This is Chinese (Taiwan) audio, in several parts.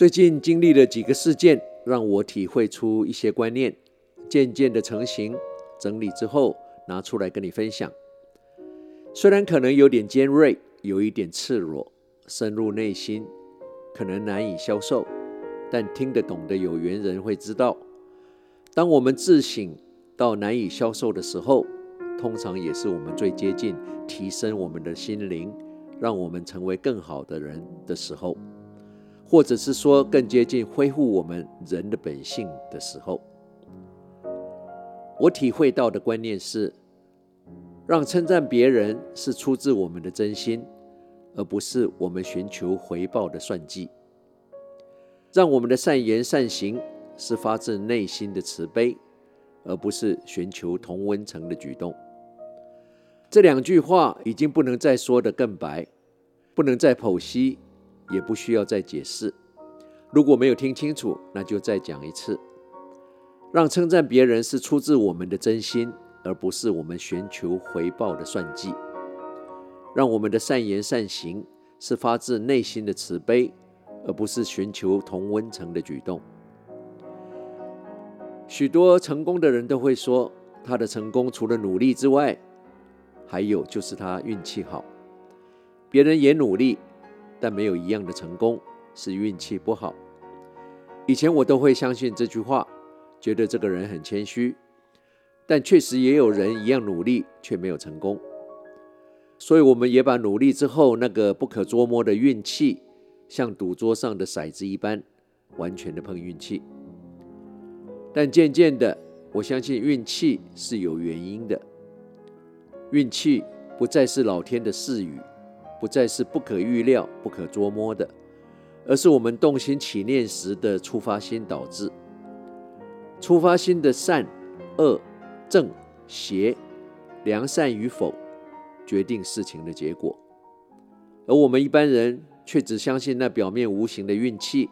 最近經歷了幾個事件，讓我體會出一些觀念，漸漸的成型，整理之後拿出來跟你分享。雖然可能有點尖銳，有一點赤裸，深入內心，可能難以消受，但聽得懂的有緣人會知道。當我們自省到難以消受的時候，通常也是我們最接近提升我們的心靈，讓我們成為更好的人的時候。或者是說更接近恢復我們人的本性的時候，我體會到的觀念是：讓稱讚別人是出自我們的真心，而不是我們尋求回報的算計；讓我們的善言善行是發自內心的慈悲，而不是尋求同溫層的舉動。這兩句話已經不能再說得更白，不能再剖析。也不需要再解釋。如果沒有聽清楚，那就再講一次。讓稱讚別人是出自我們的真心，而不是我們尋求回報的算計。讓我們的善言善行是發自內心的慈悲，而不是尋求同溫層的舉動。許多成功的人都會說，他的成功除了努力之外，還有就是他運氣好。別人也努力。但沒有一樣的成功，是運氣不好。以前我都會相信這句話，覺得這個人很謙虛。但確實也有人一樣努力卻沒有成功，所以我們也把努力之後那個不可捉摸的運氣，像賭桌上的骰子一般，完全的碰運氣。但漸漸的，我相信運氣是有原因的，運氣不再是老天的賜予。不再是不可預料、不可捉摸的，而是我們動心起念時的觸发心導致。觸发心的善、惡、正、邪、良善與否，決定事情的結果。而我們一般人卻只相信那表面無形的運氣，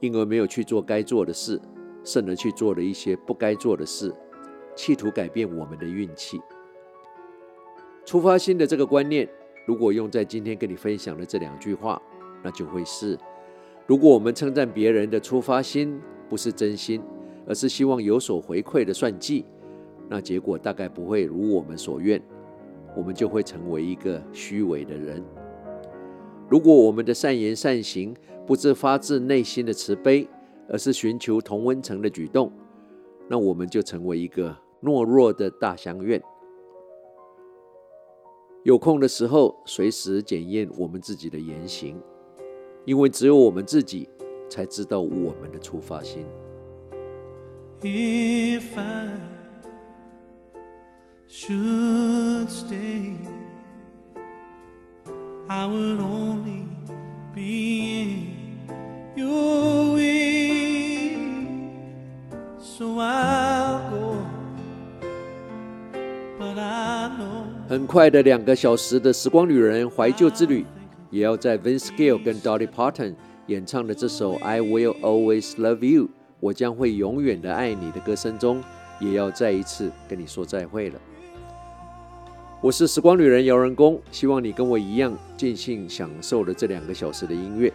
因而沒有去做該做的事，甚至去做了一些不該做的事，企圖改變我們的運氣。觸发心的這個觀念。如果用在今天跟你分享的這兩句話，那就會是：如果我們稱讚別人的出發心不是真心，而是希望有所回饋的算計，那結果大概不會如我們所願，我們就會成為一個虛偽的人。如果我們的善言善行不是發自內心的慈悲，而是尋求同溫層的舉動，那我們就成為一個懦弱的大鄉愿。有空的時候，隨時檢驗我們自己的言行，因為只有我們自己才知道我們的出發心。If I 很快的兩個小時的時光旅人懷舊之旅，也要在 Vince Gill 跟 Dolly Parton 演唱的這首《I Will Always Love You》，我將會永遠的愛你的歌聲中，也要再一次跟你說再會了。我是時光旅人姚仁恭，希望你跟我一樣盡興享受了這兩個小時的音樂。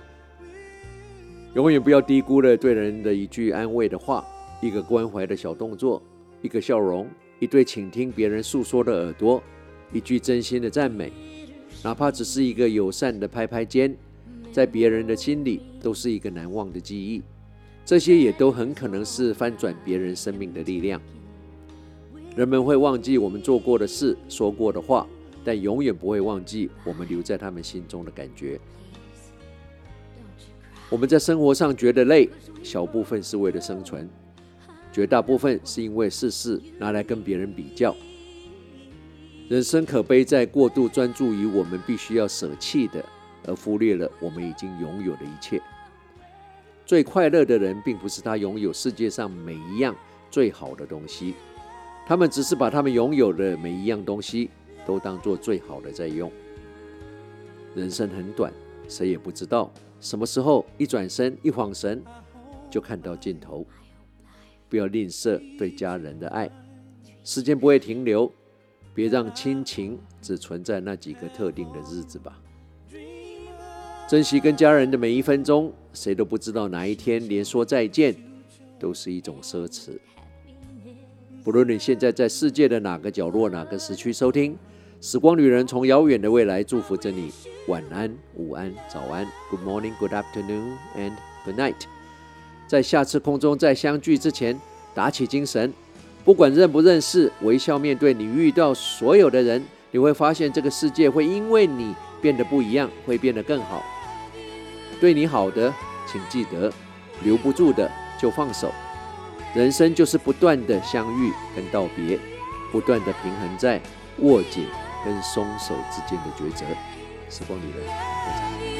永遠不要低估了對人的一句安慰的話，一個關懷的小動作，一個笑容，一對傾聽別人訴說的耳朵。一句真心的讚美，哪怕只是一個友善的拍拍肩，在別人的心裡都是一個難忘的記憶。這些也都很可能是翻轉別人生命的力量。人們會忘記我們做過的事、說過的話，但永遠不會忘記我們留在他們心中的感覺。我們在生活上覺得累，小部分是為了生存，絕大部分是因為事事拿來跟別人比較。人生可悲，在過度專注於我們必須要捨棄的，而忽略了我們已經擁有的一切。最快樂的人，並不是他擁有世界上每一樣最好的東西，他們只是把他們擁有的每一樣東西，都當做最好的在用。人生很短，誰也不知道什麼時候一轉身、一晃神，就看到盡頭。不要吝嗇對家人的愛，時間不會停留。別讓親情只存在那幾個特定的日子吧。珍惜跟家人的每一分鐘，誰都不知道哪一天連說再見都是一種奢侈。不論你現在在世界的哪個角落、哪個時區收聽，《時光旅人》從遙遠的未來祝福着你。晚安、午安、早安，Good morning, Good afternoon, and Good night。在下次空中再相聚之前，打起精神。不管認不認識，微笑面對你遇到所有的人，你會發現這個世界會因為你變得不一樣，會變得更好。對你好的，請記得留不住的就放手。人生就是不斷的相遇跟道別，不斷的平衡在握緊跟鬆手之間的抉擇。時光旅人。